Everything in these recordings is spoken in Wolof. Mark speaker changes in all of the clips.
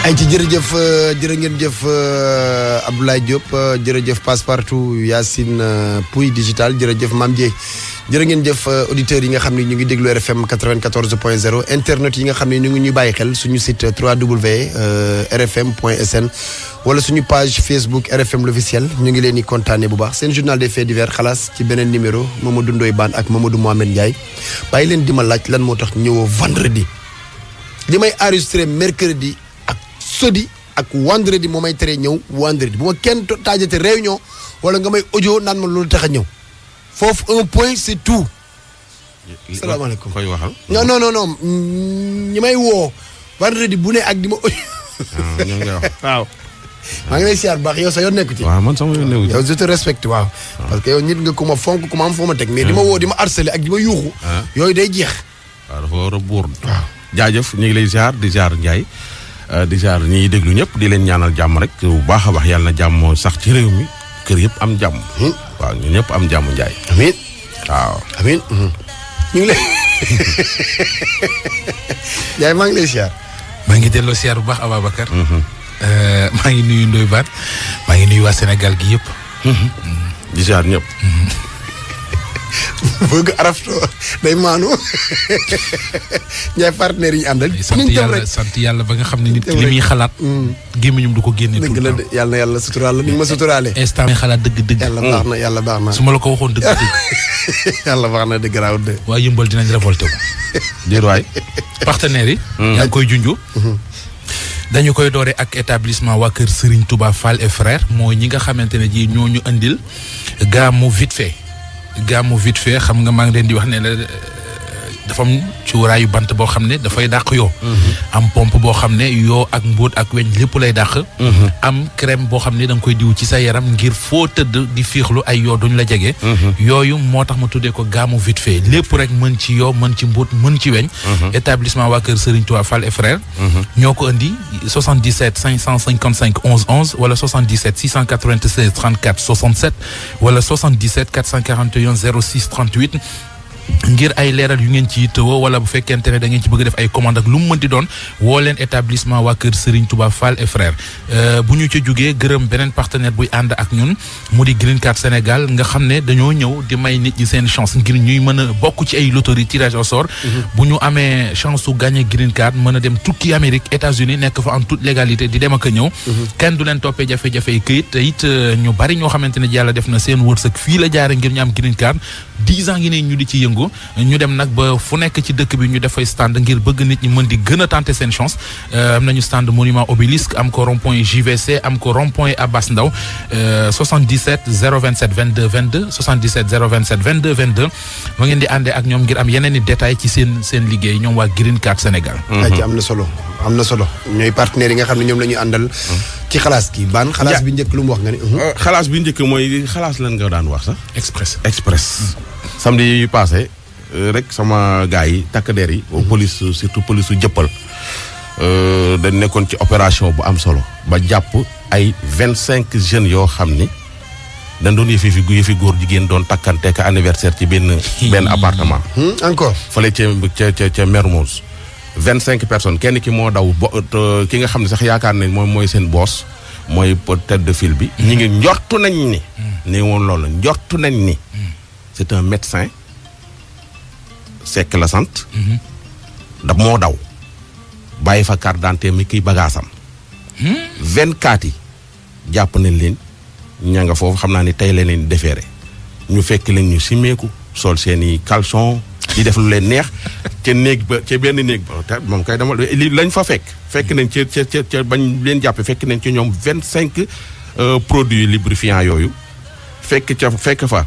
Speaker 1: ay ci jërëjëf euh, jërë ngeen jëf euh, Abdoulaye Diop euh, jërëjëf Passepartout Yacine Pouy digital jërëjëf Mame Dieye jërë ngeen jëf auditeurs yi nga xam ne ñu ngi déglu RFM 94 point 0 internet yi nga xam ni ñu ngi ñuy bàyyi xel suñu site 3w rfm point sn wala suñu page Facebook RFM l'officiel ñu ngi leen di kontaane bu baax seen journal de faits divers xalaas ci beneen numéro Mamadou Ndoye Bane ak Mamadou Mohamed Ndiaye bàyyi leen di ma laaj lan moo tax ñëwoo vendredi li may enregistré mercredi sodi ak vendredi moo may teree ñëw vendredi bu ma kenn taajate réunion wala nga may audio naan ma loolu tax a ñëw foofu un point c'est tout.
Speaker 2: salaamaaleykum koy
Speaker 1: no no non non ñi may woo vendredi bu ne ak di ma audio. Ah, waaw. maa ngi lay siyaar baax yow sa yoon nekku ci. waaw man sama yoon nekku ci yow je te respecte waaw. Ah. parce que yow nit nga ku ma fonk ku ma foo ma teg mais di ma ah. woo di ma harcelé ak di ma yuuxu.
Speaker 3: yooyu day jeex. waaw dafa war a waaw jaajëf ñu ngi lay siyaar di siyaar Ndiaye. Euh, di jaar ñiy déglu ñëpp di leen ñaanal jàmm rek bu baax a baax yàlla na jàmm sax ci réew mi kër yëpp am jàmm. Hmm. waaw ñu ñëpp am jàmm njaay. amiin waaw amiin. Hmm. maa ngi lay siyaar. maa ngi delloo siyaar bu baax Ababacar. Hmm. Euh, maa ngi nuyu Ndoye Bane maa ngi nuyu waa senegal gi yépp di siyaar bëgg arafto day maanu
Speaker 1: ñaay partenaires yi ñu àndal. sant yàlla sant
Speaker 3: yàlla ba nga xam ne nit li muy xalaat. Mm. gémmiñum du ko génne. dëgg la
Speaker 1: yàlla yàlla suturaal la ni ma eh, suturaale. instant
Speaker 3: may xalaat dëgg dëgg. yàlla mm. na
Speaker 1: yàlla baax na. su ma la ko waxoon dëgg dëgg.
Speaker 3: yàlla baax na dëgg raawut de. waaye yëmbal dinañ révolté ko. déet waay. partenaires yi. Mm. yaa koy junju. Mm-hmm. dañu koy doore ak établissement waa kër sëriñ tubaab Fall et mooy ñi nga xamante ne ji ñoo ñu andil gaamu vite fait. gàmmu vite fait xam nga maa ngi leen di wax ne la dafa am cuuraayu bant boo xam ne dafay dàq yoo. Mm-hmm. am pompe boo xam ne yoo ak mbóot ak weñ lépp lay dàq. Mm-hmm. am crème boo xam ne da nga koy diw ci sa yaram ngir foo tëdd di fiixlu ay yoo duñ la jege. Mm-hmm. yooyu moo tax ma tuddee ko gaamu vite fait lépp rek mën ci yoo mën ci mbóot mën ci weñ. établissement waa kër Serigne Touba Fall et ñoo ko indi 77 555 11 11 wala 77 696 34 67 wala 77 441 06 38. ngir ay leeral yu ngeen ci yittewoo wala bu fekkente ne da ngeen ci bëgg def ay commande ak lu mu di doon woo leen établissement waa kër sëriñ Touba Fall et frère euh, bu ñu ca jógee gërëm beneen partenaire buy ànd ak ñun mu di Green Card Sénégal nga xam ne dañoo ñëw di may nit ñi seen chance ngir ñuy mën a bokk ci ay loterie tirage au sort mhm. bu ñu amee chance su gagné Green Card mën a dem tukki Amérique États-Unis nekk fa en tout légalité di dem ak a ñëw mhm. kenn du leen toppee jafe-jafe yi këyit te it euh, ñu bari ñoo xamante ne yàlla def na seen wërsëg fii la jaare ngir ñu am Green Card dix ans ngi ne ñu di ci yëngu ñu dem nag ba fu nekk ci dëkk bi ñu def fay stand ngir bëgg nit ñi mën di gën a tenter seen chance euh, am nañu stand monument obélisque am ko rond point JVC am ko rond point Abbas Ndao 77 027 22 22 77 027 22 22 ma ngeen di àndee ak ñoom ngir am yeneen i détails ci seen seen liggéey ñoom waa Green Card Sénégal. Mm-hmm. ci
Speaker 1: am na solo am na solo
Speaker 3: ñooy partenaires yi nga xam ne ñoom la ñuy àndal. ci xalaas gi baan xalaas bi
Speaker 1: njëkk lu mu wax nga ni.
Speaker 3: Mm-hmm. Euh, xalaas bi njëkk mooy xalaas lan nga daan wax sax. express express. samedi yu paase euh, rek sama gars yi takk der yi. Mhm. police surtout police su jëppal. Euh, da nekkoon ci opération bu am solo ba jàpp ay vingt cinq jeunes yoo xam ni dañ doon yëfi fi yëfi góor jigéen doon takkante ka anniversaire ci benn. benn appartement. Hmm, encore fële ca ca ca Mermoz. vingt cinq personnes kenn ki moo daw bo euh, ki nga xam ne sax yaakaar nañ moom mooy seen boos mooy tête de file bi. Hmm. ñu ngi njortu nañ ni. Hmm. ne woon loolu njortu nañ ni. c'est un médecin sekk la sant. Mm-hmm. da moo daw. bàyyi fa kar d'identité mi kii bagaasam. Mm-hmm. vingt quatre yi jàpp nañ leen ña nga foofu xam naa ni tey leneen leen defeere ñu fekk leen ñu simeeku sol seen i caleçon di def lu leen neex ca néeg ba ca benn néeg ba moom kay dama li lañ fa fekk. fekk mm-hmm. nañ ca ca ca bañ leen jàppe fekk nañ ci ñoom vingt cinq euh, produits lubrifiants yooyu fekk ca fekk fa.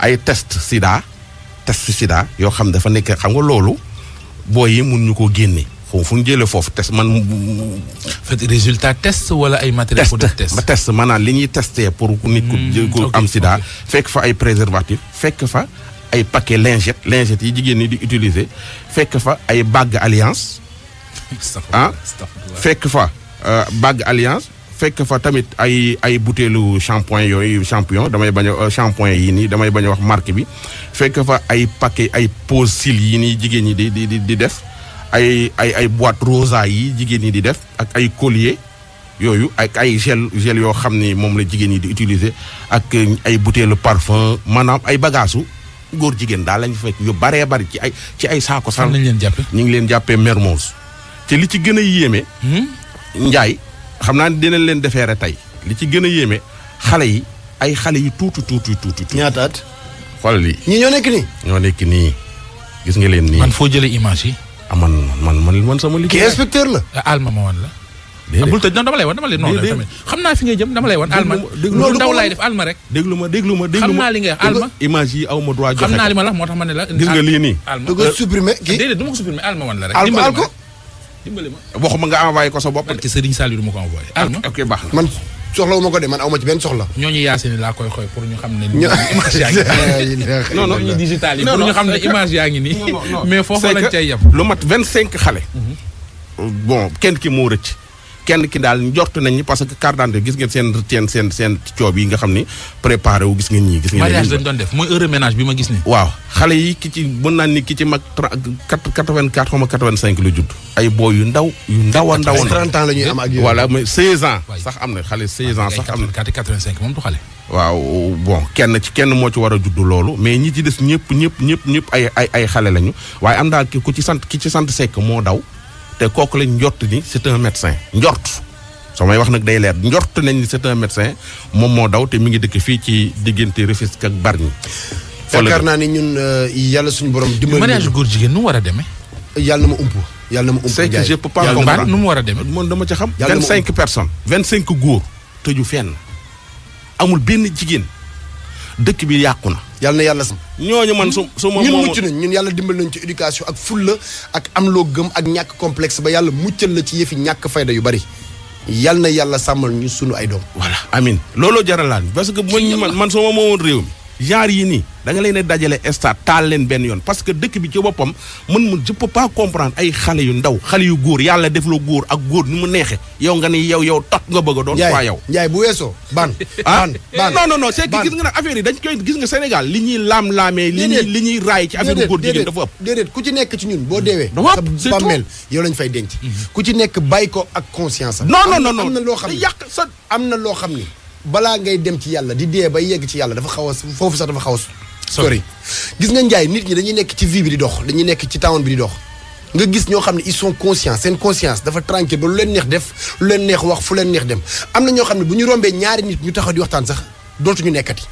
Speaker 3: ay test sida test sida yoo xam dafa nekk xam nga loolu booy yi mun ñu ko génne foofu ñu jëlee foofu test man. fait résultat test wala ay matériel pour def test test maanaam li ñuy testé pour. nit ku hmm, am sida fekk fa ay préservatif fekk fa ay paquet lingette lingette yi jigéen ñi di utiliser fekk fa ay bague alliance. ah fekk fa euh, bague alliance. fekk fa tamit ay ay butéelu shampoing yooyu champion damay bañ a euh, yi nii damay bañ wax marque bi fekk fa ay paquet ay pose cils yi nii jigéen ñi di di di def ay ay ay boîte rosa yi jigéen ñi di def ak ay collier yooyu ak ay gel gel yoo xam ni moom la jigéen ñi di utiliser ak euh, ay butéelu parfum maanaam ay bagaasu góor jigéen daal lañu fekk yu baree bari ci ay ci ay saako san ñu ngi leen jàppee Mermoz te li ci gën a yéeme hmm? njaay xam naa ne dinañ leen defeere tey li ci gën a yéeme xale yi ay xale yi tuuti tuuti tuuti tuuti. ñaata at. xool lii. ñii ñoo nekk nii. ñoo nekk nii gis nga leen nii. man foo jëlee image yi. ah man la. Ah, alma ma wan la. déedéet bul tëj non dama lu ma déglu ma ma xam naa li joxe xam naa li ma la moo tax ma ne la gis nga lii nii da nga supprimer kii ko supprimer alma wan la rek dimbali ko dimbale ma waxuma nga envoyé ko sa bopp de. Serigne Saliou ma ko envoyé. Ah, ok baax na man soxla wu ko de man aw ci benn soxla. ñooñu yaasini laa koy xooy pour ñu xam ne. image yaa ngi nii non non ñu digital yi pour ñu xam ne image yaa ngi nii. mais foofu lañ cay yem. lu mat vingt cinq xale. Mhm. bon kenn ki moo rëcc. kenn ki daal njort nañ parce que carte d'identité gis ngeen seen seen seen seen coob yi nga xam ni préparé wu gis ngeen ñii gis ngeen mariage dañ doon def mooy waaw xale yi ki ci mën naa ni ki ci mag quatre-vingt-quatre xaw ma vingt cinq la judd ay booy yu ndaw yu ndaw a ndaw trente ans la am ak voilà mais seize ans sax am na xale seize ans sax am na quatre vingt waaw bon kenn ci kenn moo ci war a judd loolu mais ñi ci des ñëpp ñëpp ñëpp ñëpp ay ay ay xale lañu waaye am daal ku ci sant ki ci sant moo daw te kooku lañ njort ni c'est un médecin njort samay wax nag day leer njort nañ ni c'est un médecin moom moo daw te mi ngi dëkk fii ci diggante Rufisque ak Bargny.
Speaker 1: yaakaar naa ni ñun euh, yàlla suñu borom. dimbali mariage
Speaker 3: góor jigéen nu mu war a demee. yàlla na ma ump yàlla ma ump. c'est que je peux pas nu mu war a demee. man dama ca xam. vingt cinq personnes. vingt cinq góor tëju fenn amul benn jigéen. dëkk bi yàqu na. yàlla na yàlla sax ñooñu man su su ma ñun mucc nañ
Speaker 1: ñun yàlla dimbal nañ ci éducation ak fulla ak am loo gëm ak ñàkk complexe ba yàlla muccal la ci yëfi ñàkk
Speaker 3: fayda yu bari yàlla na yàlla sàmmal ñu sunu ay doom. voilà amin looloo jaralaan parce que man man soo ma moomoon réew mi. genre yi nii da nga leen dajale stade taal leen benn yoon parce que dëkk bi ci boppam man mu je pas comprendre ay xale yu ndaw xale yu góor yàlla def la góor ak góor ni mu neexe yow nga ne yow yow tot nga bëgg a doon waa yow Ndiaye bu weesoo ban ah ban non non non c'est gis nga nag affaire dañ koy gis nga Sénégal li ñuy laam-laamee li ñuy li ñuy raay ci affaire góor jigéen dafa
Speaker 1: ëpp déedéet ku ci nekk boo deewee sa bàmmeel lañ fay denc mhm. ku ci nekk bàyyi ko ak conscience non non non am na loo xam ne yàq sa am na loo xam ni balaa ngay dem ci yàlla di dee ba yegg ci yàlla dafa xaw a foofu sax dafa xaw a sori gis nga njaay nit ñi dañuy nekk ci vie bi di dox dañuy nekk ci town bi di dox nga gis ñoo xam ne ils sont conscients seen conscience dafa tranquille ba lu leen neex def lu leen neex wax fu leen neex dem am na ñoo xam ne bu ñu rombee ñaari nit ñu taxaw di waxtaan sax dootuñu nekkati.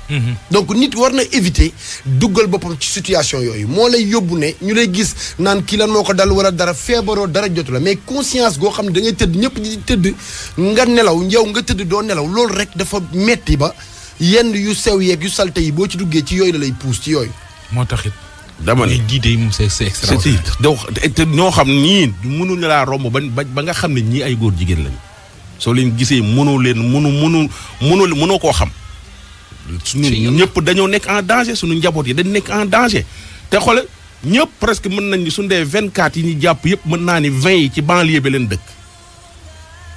Speaker 1: donc nit war na éviter duggal boppam ci situation yooyu moo lay yóbbu ne ñu lay gis naan kii lan moo ko dal wala dara feebaroo dara jot la mais conscience goo xam ne da ngay tëdd ñëpp di tëdd nga nelaw yow nga tëdd doo nelaw loolu rek dafa metti ba yenn yu sew yeeg yu salte yi boo ci duggee ci yooyu la lay puus ci yooyu.
Speaker 3: moo taxit. dama ne diite yi moom c'est c'est extraordinaire te ñoo xam nii mënuñu laa romb ba ba nga xam ne ñii ay góor jigéen lañu soo leen gisee mënoo leen mënu mënu mënu mënoo koo xam. suñu ñëpp dañoo nekk en danger suñu njaboot yi dañu nekk en danger te xoole ñëpp presque mën nañ ni suñu dee vingt quatre yi ñu jàpp yëpp mën naa ni vingt yi ci banlieue bi leen dëkk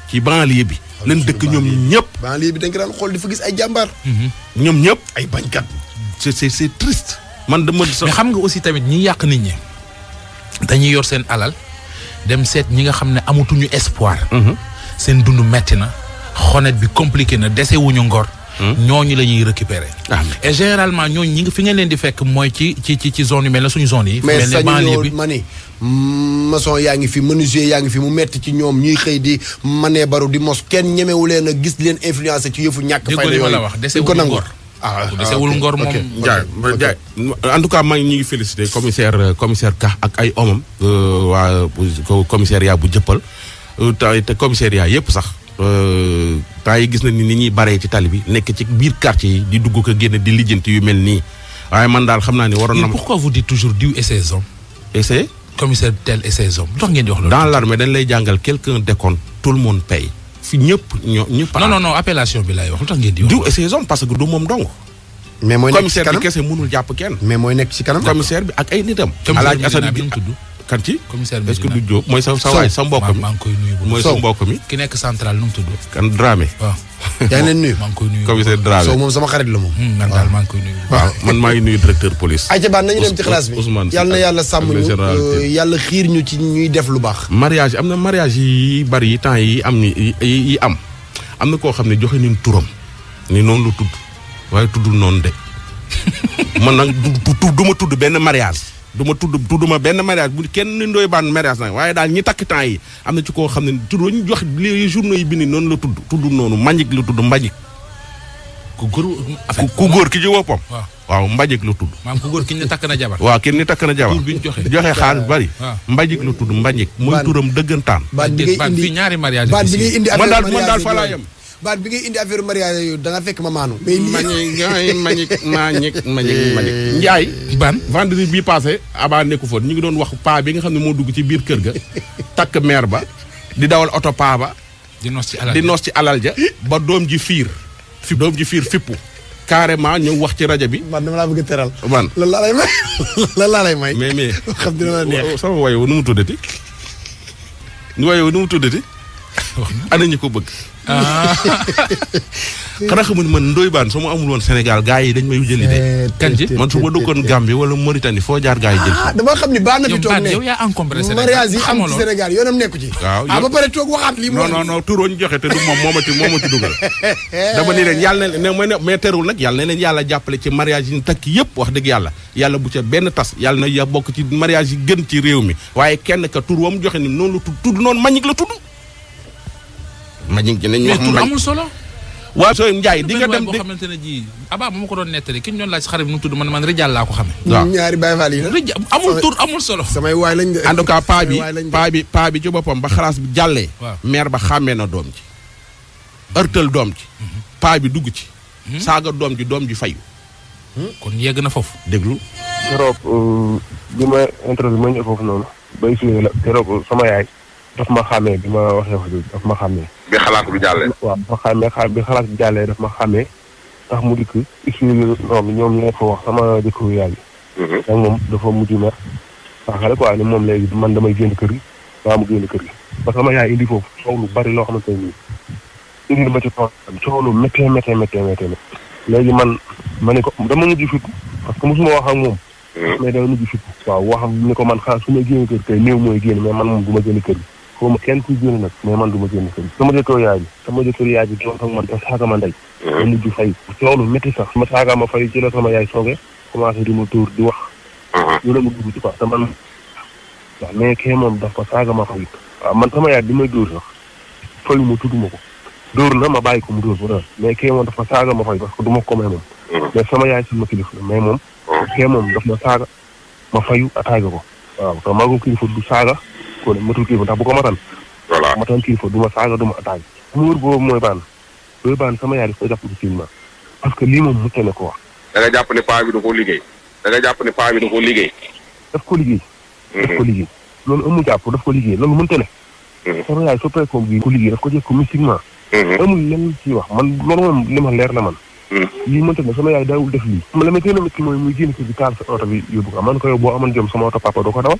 Speaker 3: ci banlieue bi leen dëkk ñoom ñëpp banlieue bi dañ ko daan xool di fa gis ay jàmbaar mhm. ñoom ñëpp ay bañkat c'est c'est man triste man dama mais xam nga aussi tamit ñi yàq nit ñi dañuy yor seen alal dem seet ñi nga xam ne amatuñu espoir mhm. seen dund metti na xonet bi compliqué na dese wuñu ngor ñooñu la ñuy récupérer et généralement ñooñu ñi nga fi nga leen di fekk mooy ci ci ci ci zone yu mel ne suñu zone yi mais sañu bi
Speaker 1: ma ni maçon yaa ngi fi menuisier yaa ngi fi mu metti ci ñoom ñuy xëy di manee baru di mos kenn ñemewu leen a gis leen influencé ci yëfu ñàkk fayda yooyu la wax dese ko nangoor
Speaker 3: ah desewul ngor moom jaay jaay en tout cas maa ngi ñu ngi félicité commissaire euh, commissaire Ka ak ay omam euh, waa commissariat bu jëppal euh, te commissariat yëpp sax Euh, temps yi gis na ni nit ñuy baree ci tali bi nekk ci biir quartier yi di dugg ko génn di lijjanti yu mel nii waaye man daal xam naa ne waroon na. pourquoi vous dites toujours diw et ses hommes. et ses. commissaire tel et ses hommes. tax ngeen wax loolu. dans l'armée dañ lay jàngal quelqu'un déconne tout le monde paye. fi ñëpp ñoo ñëpp. non non non bi lay wax lu tax ngeen di wax. diw et ses hommes parce que du moom dong. mais mooy nekk ci kanam commissaire bi kese mënul jàpp kenn. mais mooy nekk ci kanam. commissaire bi nitam. alaaj asan bi tudd kan ci. commissaire bi est-ce que mooy sa sa waay sa mbokk mi maa mooy sa mbokk mi ki nekk central nu mu tudd. kan Dramé. yaa ngi leen nuyu. maa ngi koy moom sama xarit la moom. Hmm, man maa ngi koy nuyu. waaw man maa ngi nuyu directeur police. ayca baax nañu dem ci classe bi euh,
Speaker 1: yàlla xiir ñu ci ñuy def lu baax.
Speaker 3: mariage am na mariage yi bari yi temps yi am ni yi am am na koo xam ne joxe nu turam ni noonu lu tudd waaye tuddul noonu de man nag du ma tudd benn mariage du ma tudd tudduma benn mariage bu kenn ndooy baan mariage nag waaye daal ñi takk temps yi am na ci koo xam ne tudd ñu jox les journaux bi ni noonu la tudd tudd noonu mbanjik la tudd mbanjik ku góor ku góor ki ci boppam waaw mbajik la tudd maam ki ñu takk na jabar waaw ki takk na jabar joxe xaalis bari mbajik la tudd mbajik mooy turam dëggantaan baat bi ngay indi man daal man daal fa laa
Speaker 1: baat bi ngay indi affaire mariage yooyu da nga fekk ma maanu. mais lii
Speaker 3: mañik mañik njaay ban vendredi bii passé abaa nekku foon ñu ngi doon wax paa bi nga xam ne moo dugg ci biir kër ga takk meer ba di dawal oto paa ba di noos ci alal di noos ci alal ja ba doom ji fiir fi doom ji fiir fippu carrément ñëw wax ci rajo bi. man dama laa bëgg teral. man lan laa laa lay may. mais mais xam dina la neex. sama wayo nu mu tuddati. wayo nu mu tuddati. wax na ko bëgg. Ah. xanaa xamuñ man Ndoye Bane su ma amul woon Sénégal gaa yi dañ may jëli de. Eh, kan ci man su ma dëkkoon Gambie wala Mauritanie foo jaar gars yi jël.
Speaker 4: Ah,
Speaker 1: xam
Speaker 3: ni baa na fi toog ne yow yaa encombré Sénégal mariage yi am ci Sénégal nekku ci. waaw ah, joxe te du moom moo ma ci ma ci dugal. dama ni leen yàlla na leen mais terul nag yàlla na leen yàlla jàppale ci mariage yi ñu takk yëpp wax dëgg yàlla yàlla bu ca benn tas yàlla na bokk ci mariage yi gën ci réew mi waaye kenn ka tur wam joxe ni noonu la tudd tudd noonu mañik la tudd Mbagnick nañ wax Mbaye amul solo. waaw sooy Ndiaye di nga dem di xamante ne ji abaa ma ma ko doon nettali ki ñu doon laaj si xarit bi nu mu tudd man man Rijal laa ko xamee. waaw ñaari Baye Fall yi la. Rijal amul tur amul solo. samay waay lañ de en tout cas paa bi paa bi paa bi ci boppam ba xalaas bi jàllee. maire ba xàmmee na doom ji. ërtal doom ji. Mhm. paa bi dugg ci. Mhm. saaga doom ji doom ji fayu. Hmm? kon yegg na foofu déglu. keroog euh, bi ma
Speaker 5: introduit ma ñëw foofu noonu. bay suy la keroog sama yaay. daf ma xàmmee bi ma waxee wax jooju daf ma xàmmee. bi xalaat bi jàllee. waaw bi ma xàmmee xa bi xalaat bi jàllee daf ma xàmmee tax mu dikk expliqué noonu ñoom ñoo fa wax sama jëkkëru yaay bi. Mhm. moom dafa mujj mer. waaw xale quoi ni moom léegi man damay génn kër gi maa mu génn kër gi parce que sama yaay indi foofu coow lu bari loo xamante ne nii indi na ma ci tool coow lu méttee méttee méttee méttee léegi man ma ne ko dama mujj fit parce que mosuma wax ak moom. Mhm. mais dama mujj fit waaw waxam ni ko man xaalis su ma génn kër kay néew mooy génn mais man moom du ma génn kër gi. xaw ma kenn kuy génn nag mais man du ma génn kër gi sama jotoo ma ndey ma mm-hmm. mujj fay coow lu métti sax ma ma fay ci la sama yaay sooge commencé di ma tuur ma mm-hmm. dugg ci quoi te man waaw saaga ma fay man sama yaay bi may dóor sax fayu ma tudd ma ko dóor na ma bàyyi ko mu dóor ba mais kee moom dafa saaga ma fay parce que du ma ko may moom mm-hmm. mais sama yaay sama kilifa la mais moom kee moom daf ma saaga ma fayu attaqué ko waaw te maa ko du saaga kóole matul kilifa ndax bu ko matan voilà matan kilifa du ma saaga du ma attaque muur boobu mooy baan loolu baan sama yaay da
Speaker 3: nga jàpp ne paa bi da
Speaker 5: sama yaay so précom ko liggéey daf ko jëf mhm. ko mhm. mhm. wax man moom li leer la man lii mënte ne sama yaay daawul def lii ma la ma tée na métti mooy muy génn ko bi taal sa oto bi yóbbu ko man ko boo amoon jom sama oto papa doo ko dawal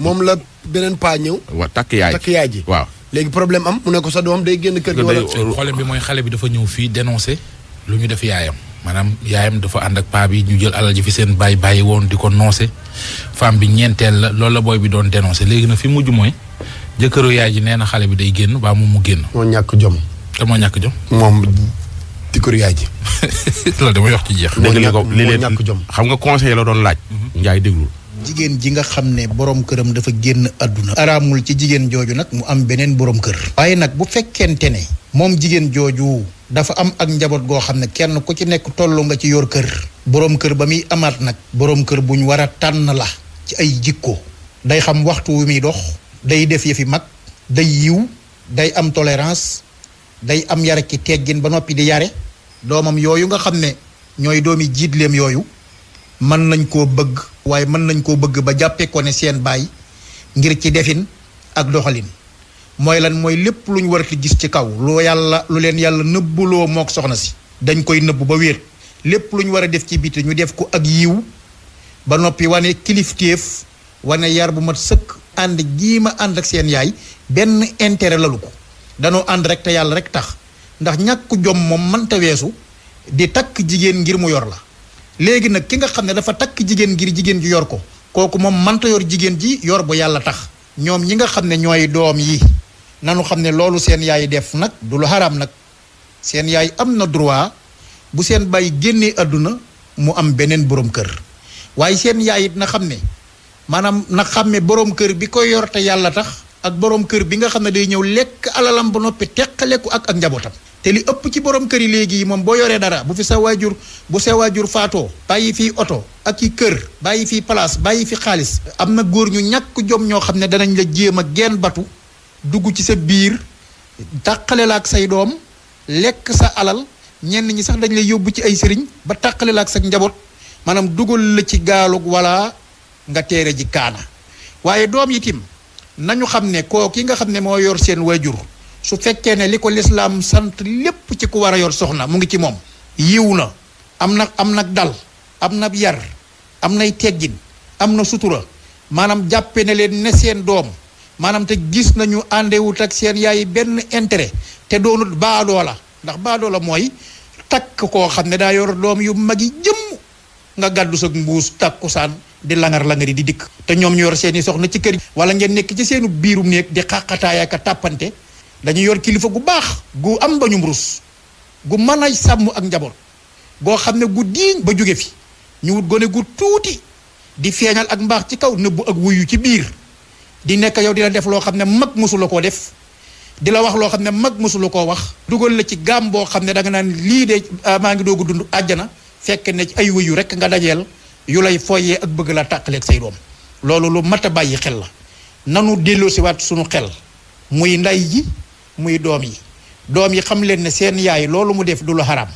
Speaker 3: moom la beneen paa ñëw. wa takk yaay ji waaw. léegi problème am mu ne ko sa doom day génn kër gi wala. problème bi mooy xale bi dafa ñëw fii dénoncé lu ñu def yaayam maanaam yaayam dafa ànd ak paa bi ñu jël alal ji fi seen bàyyi bàyyi woon di ko noncé femme bi ñeenteel la loolu la booy bi doon dénoncé léegi na fi mujj mooy jëkkëru yaay ji nee na xale bi day génn baa moom mu génn. moo ñàkk jom. te moo ñàkk jom. moom kër yaay ji. loolu dama wax ci jeex. moo ñàkk jom li leen xam nga conseil la doon laaj. Mhm. Ndiaye déglul.
Speaker 4: jigéen ji nga xam ne borom këram dafa génn àdduna araamul ci jigéen jooju nag mu am beneen boroom kër waaye nag bu fekkente ne moom jigéen jooju dafa am ak njaboot goo xam ne kenn ku ci nekk tollu nga ci yor kër borom kër ba muy amaat nag borom kër bu ñu war a tànn la ci ay jikko day xam waxtu wi muy dox day def yëfi mag day yiw day am tolérance day am yare ci teggin ba noppi di yare doomam yooyu nga xam ne ñooy doomi jiitleem yooyu mën nañ koo bëgg waaye mën nañ koo bëgg ba jàppee ko ne seen baay ngir ci defin ak doxalin mooy lan mooy lépp lu ñu war a gis ci kaw lu yàlla lu leen yàlla nëbbuloo mook soxna si dañ koy nëbbu ba wéet lépp lu ñu war a def ci biti ñu def ko ak yiw ba noppi wane kilifteef wane yar bu ma sëkk ànd gii ma ànd ak seen yaay benn intérêt lalu ko danoo ànd rek te yàlla rek tax ndax ñàkk jom mante weesu di takk jigéen ngir mu yor la léegi nag ki nga xam ne dafa takk jigéen ngir jigéen ji yor ko kooku moom manta yor jigéen ji yor bu yàlla tax ñoom ñi nga xam ne ñooy doom yi nanu xam ne loolu seen yaay def nag du lu xaraam nag seen yaay am na droit bu seen baay génnee àdduna mu am beneen borom kër waaye seen yaay it na xam ne maanaam na xàmme borom kër bi koy yor te yàlla tax ak borom kër bi nga xam ne day ñëw lekk alalam ba noppi teqaleku ak ak njabootam te li ëpp ci borom kër yi léegi moom boo yoree dara bu fi sa waajur bu sa waajur faatoo bàyyi fii oto ak i kër bàyyi fii place bàyyi fi xaalis am na góor ñu ñàkk jom ñoo xam ne danañ la jéem a genn batu dugg ci sa biir tàqale la ak say doom lekk sa alal ñenn ñi sax dañ lay yóbbu ci ay sëriñ ba tàqale la ak sa njaboot maanaam dugal la ci gaalug wala nga teere ji kaana waaye doom yitim nañu xam ne koo ki nga xam ne moo yor seen waajur su fekkee ne li ko lislaam sant lépp ci ku war a yor soxna mu ngi ci moom yiw na am na am nag dal am na yar am nay teggin am na sutura maanaam jàppe na leen ne seen doom maanaam te gis nañu àndewut ak seen yaay benn intérêt te doonut baadoo la ndax baadoo la mooy takk koo xam ne daa yor doom yu mag yi jëmm nga gàddu sa mbuus tàkkusaan di langar langari di dikk te ñoom ñu yor seeni soxna ci kër wala ngeen nekk ci seenu biiru néeg di xàqataay ak a dañu yor kilifa gu baax gu am bañum rus gu man a sàmm ak njaboot goo xam ne gu diiñ ba jóge fi ñu wut gone gu tuuti di feeñal ak mbaax ci kaw nëbbu ak wuyu ci biir di nekk yow dina def loo xam ne mag mosula koo def di la wax loo xam ne mag mosula koo wax dugal la ci gaam boo xam ne da nga naan lii de maa ngi doogu dund àjjana fekk ne ci ay wuyu rek nga dajeel yu lay foyee ak bëgg la tàqaleeg say doom loolu lu mat a bàyyi xel la nanu delloo siwaat sunu xel muy nday ji muy doom yi doom yi xam leen ne seen yaay loolu mu def du lu xaraam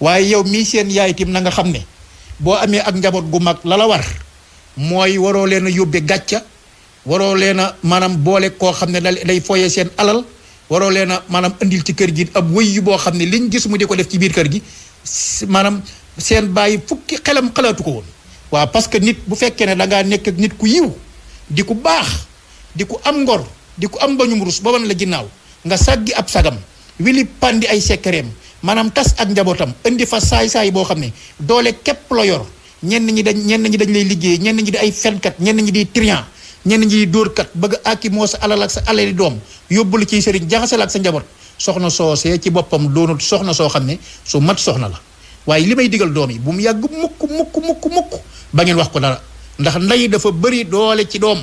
Speaker 4: waaye yow mii seen yaay tim na nga xam ne boo amee ak njaboot gu mag la la war mooy waroo leen a yóbbe gàcca waroo leen a maanaam boole koo xam ne day foye seen alal waroo leen maanaam andil ci kër gi ab wëy yu boo xam ne liñ gis mu di ko def ci biir kër gi maanaam seen bàyyi fukki xelam xalaatu ko woon waaw parce que nit bu fekkee ne da nekk ak nit ku yiw di ku baax di ku am ngor di ku am bañum rus ba wan la ginnaaw nga sàggi ab sagam wili pandi ay sekkereem maanaam tas ak njabootam indi fa saay-saay boo xam ne doole képp la yor ñenn ñi dañ ñenn ñi dañ lay liggéey ñenn ñi di ay fenkat ñenn ñi di trian ñen ñi di dóorkat bëgg àkki moo sa alal ak sa alali doom yóbbul ciy sëriñ jaxasal ak sa njaboot soxna soo see ci boppam doonul soxna soo xam ne su mat soxna la waaye li may digal doom yi bu mu yàgg mukk mukk mukk mukk ba ngeen wax ko dara ndax ndey dafa bëri doole ci doom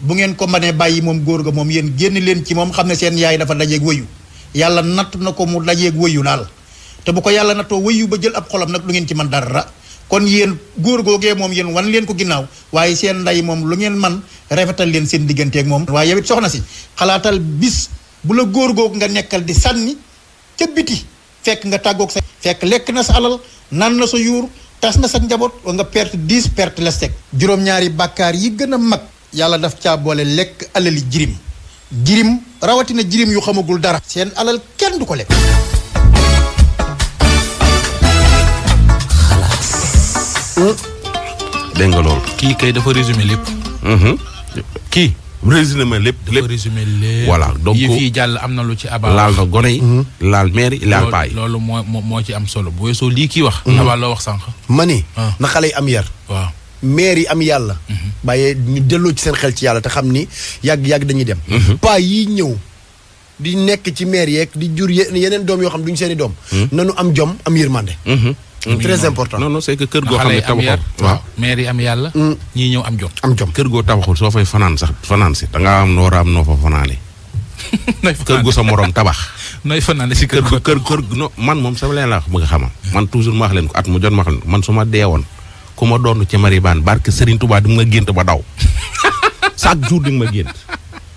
Speaker 4: bu ngeen ko mënee bàyyi moom góor ga moom yéen génn leen ci moom xam ne seen yaay dafa dajeeg wëyu yàlla natt na ko mu dajeeg wëyu daal te bu ko yàlla na nattoo wëyu ba jël ab xolam nag lu ngeen ci mën dara kon yéen góor googee moom yéen wan leen ko ginnaaw waaye seen nday moom lu ngeen man rafetal leen seen digganteeg moom waaye yow it soxna si xalaatal bis bu la góor googu nga nekkal di sànni ca biti fekk nga tàggoog sa fekk lekk na sa alal naan na sa yuur tas na sa njaboot wa nga perte 10 perte la sec juróom-ñaari bàkkaar yi gën a mag yàlla daf caa boole lekk alali jirim jirim rawatina jirim yu xamagul dara seen alal kenn du ko lekk
Speaker 6: xalaas hmm?
Speaker 3: dégg loolu kii kay dafa résumé lépp mm-hmm. kii résumé lépp lépp résumé lépp voilà donc yëf yi jàll am na lu ci abal laal na gone mm-hmm. laal meer yi laal paa loolu moo moo ci am solo bu weesoo lii kii wax mm-hmm. abal loo wax sànq ma ni ah. na xale yi am yar maire yi am yàlla. Mhm. bàyyee ñu
Speaker 1: delloo ci seen xel ci yàlla te xam ni yàgg yàgg dañuy dem. Mhm. paa yi ñëw di nekk ci maire yeeg di jur yeneen doom yoo xam duñ seen i doom. Mhm. nanu am jom am yërmande. très
Speaker 3: important non non c'est que kër goo xam ne tabaxul waaw maire yi am yàlla. Mm. ñii ñëw am jom. am jom kër goo tabaxul soo fay fanaan sax fanaan si da am noo raam noo fa fanaane. kër gu sa morom tabax. nooy fanaan si kër kër kër non man moom sama leen laa bëgg a man toujours ma wax leen ko at mu jot ma wax man su ma deewoon ku ma doon ci maribaan barke Serigne Touba di nga gént ba daw chaque jour di ma gént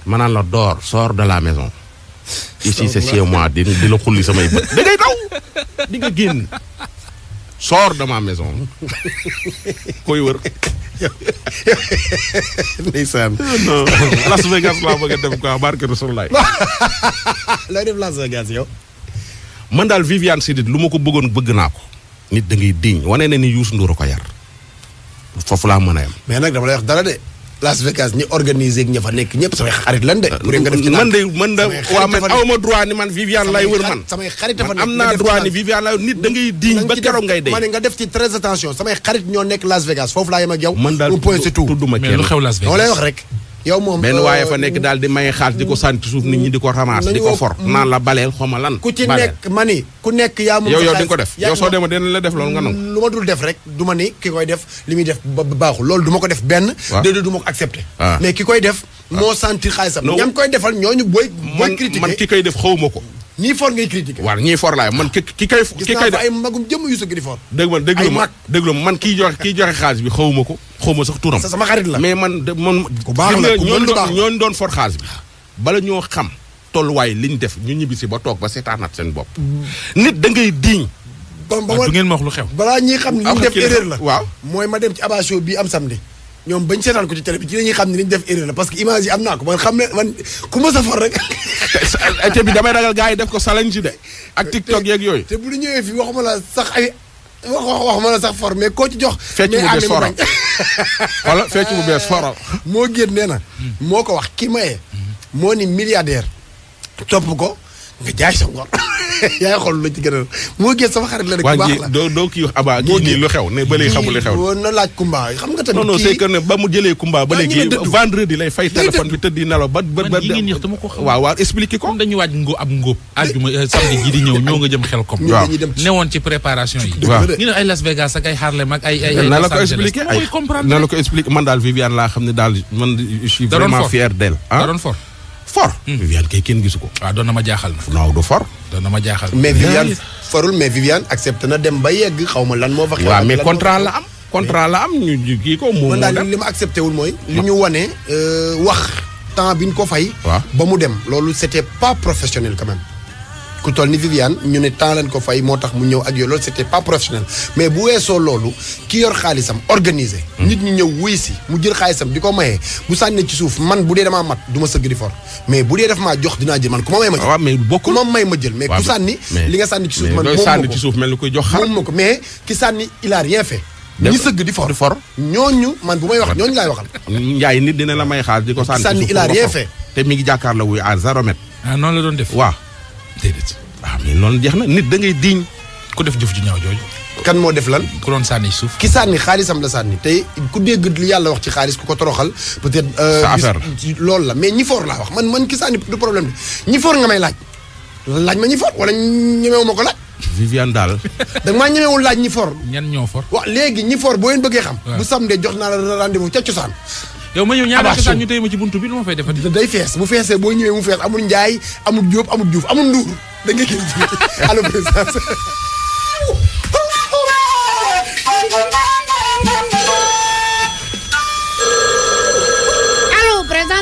Speaker 3: ma naan la door sors de la maison. ici di la xulli samay bët da daw di génn sors de ma maison koy wër. ndeysaan oh, non Las Vegas laa bëgg a dem quoi barke Rasulullah looy def Las Vegas yow. man daal Viviane Chidid lu ma ko bëggoon bëgg naa ko. nit da ngay wane na ni Youssou Ndour a ko yar. foofu laa mën a yem.
Speaker 1: mais nag dama lay wax dara de. Las Vegas ñi organisé ak fa nekk ñëpp samay xarit lan de. bu euh, nga def ci man de man de
Speaker 3: ni man Viviane lay wër man. samay xarit dafa nekk am naa ni Viviane lay wër nit da ngay diñ ba keroog ngay
Speaker 1: attention samay xarit ñoo nekk Las Vegas foofu laa yem ak man daal tudduma kenn un point c'est tout mais lu rek.
Speaker 3: yow moom benn euh, waaye fa nekk daal di maye xaalis di ko sant suuf nit ñi di ko ramaas di ko for naan la baleel xoma ku ci nekk
Speaker 1: ma ni ku nekk yaa moom yow yow di ko def yow soo
Speaker 3: demee dina la def loolu nga nangu
Speaker 1: lu ma dul def rek du ma ni ki koy def li muy def ba baaxul loolu du ma ko def benn déedéet du ma ko
Speaker 3: accepté ah. mais ki koy def ah. moo sentir xaalisam ñam koy defal ñooñu booy booy critiquer man ki koy def xawma ko ñii fort ngay critiqué waaw ñii fort laay man ki ki kay ki kay ay
Speaker 1: magum jëm yu sëgg di fort
Speaker 3: dégg man déglu ma déglu ma man kiy joxe kiy joxe xaalis bi xawuma ko xawuma sax turam la mais man man ku baax la ku mën lu baax doon fort xaalis bi bala ñoo xam tolluwaay liñ def ñu ñibbisi ba toog ba seetaanaat seen bopp nit da ngay diiñ du ngeen ma lu xew
Speaker 1: balaa ñuy xam li ñu def erreur la waaw mooy ma dem ci abasio bi am samedi ñoom bañ seetaan ko ci télé bi ci la ñuy xam ne li def erreur la parce que image yi am naa ko man ku ma safar rek. te bi damay ragal gars yi def ko salañ ci de. ak tiktok yooyu. te bu ñu ñëwee fii waxuma la sax ay wax wax waxuma la sax for mais koo ci jox. fecc mu bees foral wala fecc mu moo génn nee na. moo ko wax ki maye. ni milliardaire. ko
Speaker 3: nga jaay sa yaa ngi xool lu a moo gis sama xarit la rek. bu baax la doo doo kii wax Aba kii nii lu xew ne ba léegi xamul li xew. woon na laaj Kumba xam nga tamit. non non bi tëdd nelaw ba ba ba. waaw ko. dañu waaj ngóob ab ngóob. àjjuma euh, samedi ji di ñëw ñoo nga jëm xel kom. waaw newoon ci préparation yi. ay Las Vegas ak ay na la ko expliqué ay ah na la ko expliqué man daal Viviane laa xam ne daal man je suis vraiment fier d'elle. Ah? da fort. Hmm. Viviane kay kenn gisu ko. waaw ah, doon na ma jaaxal na. non du fort. doon na ma jaaxal mais Viviane farul mais Viviane accepté na dem ba yegg xaw ma lan moo. fa xew a mais contrat la am. contrat la am ñu kii
Speaker 1: ko. moom moo dem li ma accepté wul mooy. li ñu wane euh, wax. temps bi ñu ko fay. ba mu dem loolu c'était pas professionnel quand même. ku toll ni Viviane ñu ne temps lañ ko fay moo tax mu ñëw ak yooyu loolu c'était pas professionnel mais bu weesoo loolu ki yor xaalisam organisé. Hmm. nit ñi ñëw wuy si mu jël xaalisam di ko maye bu sànni ci suuf man bu dee damaa mat ma sëgg di for mais bu dee daf maa jox dinaa jël man ku ma may ma jël. Ah, mais ku ma may ma sànni. li nga sànni ci suuf man moom moo ko sànni ci suuf mel ni koy jox xar moom ko mais ki
Speaker 3: sànni il a rien fait. ñi sëgg di for ñooñu man bu may wax ñooñu laay waxal. nit dina la may xaalis di ko sànni il a rien fait te mi ngi jàkkaarloo wuy à zéro mètre. noonu la doon def waaw te waaw ah, mais jeex na nit da ngay diiñ. ku def jëf ci ñaaw jooju. kan moo
Speaker 1: def lan. ku doon sànni suuf. ki sànni xaalisam la sànni tey ku dégg li yàlla wax ci xaalis ku ko toroxal
Speaker 3: peut-être. Euh, sa affaire
Speaker 1: loolu la mais ñi foor laa wax man man ki sànni du problème bi ñi foor nga may laaj. laaj ma ñi foor wala ñemewu ma ko laaj.
Speaker 3: Viviane daal.
Speaker 1: da nga maa ñemewul laaj ñi foor. ñan ñoo foor. waaw léegi ñi foor boo leen bëggee xam. bu samdee jox naa la rendez-vous ca cosaan. yow ma ñëw ñaari sax ñu tey ma ci buntu bi lu ma fay defati day fees bu feesee boo ñëwee mu fees amul njaay amul jóob amul juuf amul nduur da nga gis allo présidence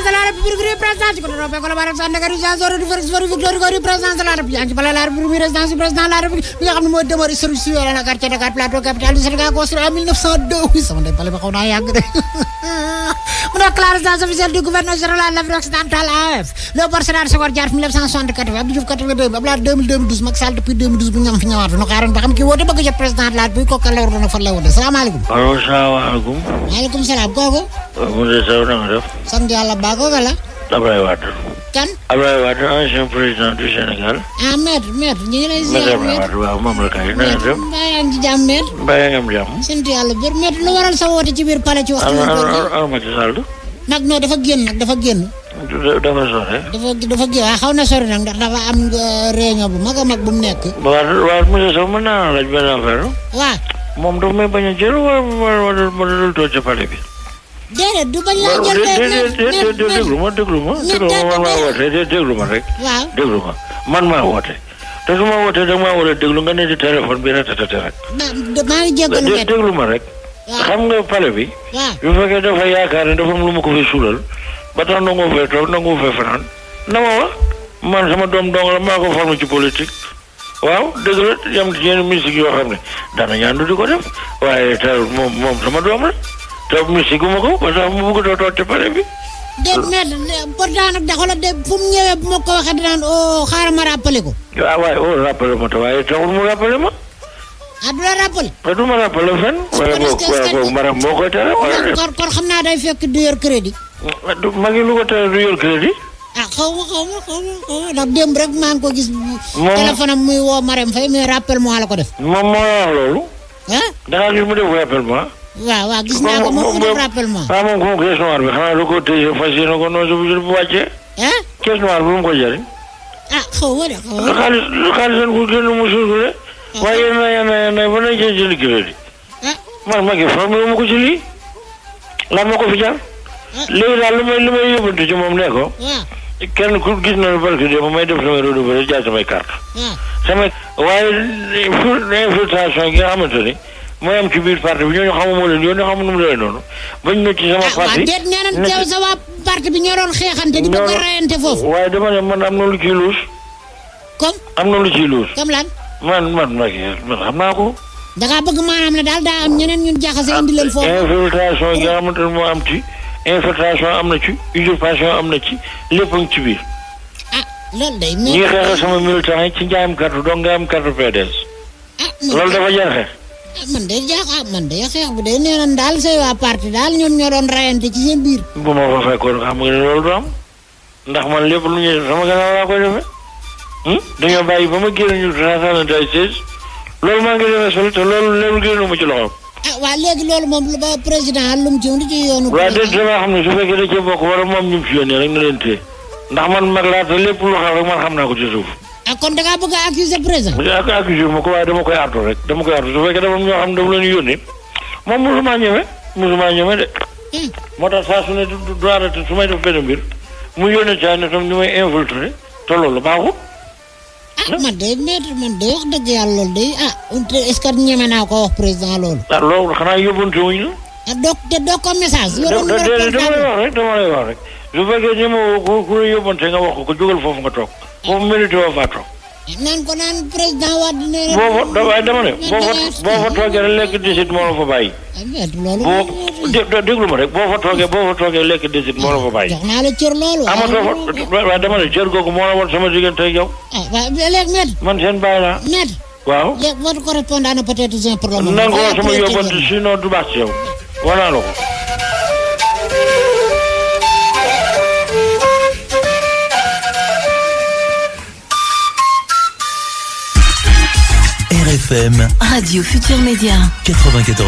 Speaker 6: présidence de la république rue présidence ci ko doon fekk la sa naka résidence rue rue présidence de la république yaa ngi ci bala la république résidence président de la république bi nga xam ne moo demeure historique su yore na quartier Dakar plateau capitale du Sénégal construit en 1902 sama ndey bale ba xaw naa yàgg de mu nekk la résidence officielle du gouverneur général de l'Afrique occidentale AOF Léopold Sédar Senghor Diatta 1964 Abdou Diouf 82 Abdoulaye 2012 Macky Sall depuis 2012 bu ñam fi ñëwaat nu xaaroon ba xam ki woote bëgg jot président de la république kooku lay waroon fan lay woote salaamaaleykum. allo
Speaker 2: salaamaaleykum.
Speaker 6: maaleykum salaam kooku.
Speaker 2: Moundé Sow na nga def.
Speaker 6: sant yàlla ba Senghor wala. Abdoulaye Wade. kan.
Speaker 2: Abdoulaye Wade ancien président du Sénégal.
Speaker 6: ah maître maître ñu ngi lay. ziar maître
Speaker 2: waaw moom la kay. na ngeen def
Speaker 6: yaa ngi ci jàmm lu waral sa woote ci biir palais ci waxtu. am Macky Sall. nag non dafa génn nag dafa génn. dafa sore. dafa génn waaw xaw na sori nag ndax dafa am réunion bu mag a mag bu mu nekk.
Speaker 2: waaw waaw monsieur Sow mën naa laaj benn affaire. waaw. moom dafa may bañ a jël wala wala wala dul toog ci palais bi.
Speaker 6: déedéet du bañ laa ma déglu
Speaker 2: ma déglu ma man maa woote déglu ma rek. waaw ma man maa woote. te su ma wootee déglu nga ne di téléphone bi rek.
Speaker 6: maa
Speaker 2: ma rek. xam nga pale bi. waaw bu dafa yaakaar ne dafa am lu ma ko fi suulal. ba tax nangu fee toog nangu fanaan. na ma wax man sama doom dong la maa ko formé ci waaw dëgg la yam ci yenn musique yoo xam ne daana ñaandu di ko def waaye te moom moom sama doom la. te misiguma ko parce que mu bëgg doo doon te pare bi.
Speaker 6: déet mais pourtant nag dafa la de fu mu ñëwee bu ma ko waxee dinaan o oh, xaaral ma rappelé ko.
Speaker 2: a ah, waaye oo oh, rappelé ma te waaye taxul mu rappelé ma. a
Speaker 6: ah, du la rappelé.
Speaker 2: ah ma rappelé fenn. wala boobu
Speaker 6: wala boobu du yor crédit.
Speaker 2: Ah, du ma ngi du yor crédit.
Speaker 6: ah xaw ma xaw ma xaw ma xaw ma ndax démb rek maa ngi ko gis. moom téléphone am muy woo Marème Faye mais def. moom moo
Speaker 2: wax loolu. ah. da ngaa gis mu def rappel moi.
Speaker 6: waaw waaw gis naa ko moom mu def rappellement.
Speaker 2: waaw moom moom caisse noire bi xanaa lu ko téye fas yéene ko noonu bu jël bu wàccee. ah. caisse noire bi mu ko jëriñ.
Speaker 6: ah xaw ma de xaw ma.
Speaker 2: xaalis xaalis ko génn mu suusulee. Ah. waaye yéen a yéen a yéen a ba nay jël jël crédit. man ma ngi formé mu ko ci lii. lan ma ko fi jar. Ah. léegi daal li may li may yóbbantu ci moom ne ko. Ah. kenn ku gis na barke de may def samay rodo ba jaay samay carte. samay waaye infiltration gi nga xamante ni. mooy am ci biir parti bi ñooñu xamuma leen yoon xam nu mu lay noonu bañ ne ci sama ah, parti déet nee nañ
Speaker 6: bi ñoo xeexante di bëgg a rayante foofu
Speaker 2: waaye dama ne man am na lu ciy luus comme am na lu ciy luus comme lan man man ma man xam naa ko
Speaker 6: da ngaa bëgg maanaam ne daal daa am ñeneen ñun jaxase indi leen foofu
Speaker 2: infiltration yi moo am ci infiltration am na ci usurpation am na ci lépp ci biir
Speaker 6: ah loolu day ñi
Speaker 2: sama militant yi ci njaayam carte donc nga am carte PDS
Speaker 6: ah, loolu dafa Ah, man de jaaxal ah, man de xeex bi de nee nañ daal say waa parti daal ñoom ñoo doon rayante ci seen biir.
Speaker 2: bu ma fa fekkoon xam nga loolu du am ndax man lépp lu ñuy def sama gannaaw laa koy defee. Hmm? dañoo bàyyi ba ma génn ñu transparente ay siège loolu maa ngi demee solo te ma ci loxoom.
Speaker 6: ah waa léegi loolu moom lu ba président lu mu jëm ci yoonu. waaw déedéet damaa xam ne su fekkee
Speaker 2: da cee bokk wala moom ñu mu ci yónnee rek na leen téye ndax man mag laa te lépp lu xam rek man xam naa ko ci suuf.
Speaker 6: ah kon da ngaa bëgg a accuser président.
Speaker 2: mais ak accuser ma ko waaye dama koy artu rek dama koy artu su fekkee dafa ñoo xam ne dama leen yónnee moom mosuma ñeme mosuma ñeme de. Hmm. moo tax saa su ne du du arrêté su may def benn mbir mu yónnee caa ne tam ñu may infiltré te loolu baaxul.
Speaker 6: ah man day maître man day wax dëgg yàlla loolu day ah est-ce que ñeme naa ko wax président loolu.
Speaker 2: ah loolu xanaa yóbbante wuñ la.
Speaker 6: ah doog te doog ko message. yóbbu numéro dama lay wax rek
Speaker 2: dama lay wax rek su fekkee ñeme woo ku ku yóbbante nga wax ko ko jógal foofu nga toog. moom minute yoo faa toog.
Speaker 6: naan ko naan président boo fa
Speaker 2: waaye dama boo fa boo fa toogee rek lekk disit moo la fa bàyyi.
Speaker 6: Ah, loolu
Speaker 2: déglu ma rek boo fa toogee boo toogee lekk disit moo la fa bàyyi. jox
Speaker 6: naa la cër loolu. amatoo
Speaker 2: fa waaye moo la woon sama diggante ak
Speaker 6: ah, man seen bàyyi laa. met. waaw léegi votre correspondant na peut-être un problème. nan ko sama
Speaker 2: yóbbante sinon du baax ci yow. wanaa la
Speaker 3: FM.
Speaker 1: Radio Futur Média.
Speaker 2: 94.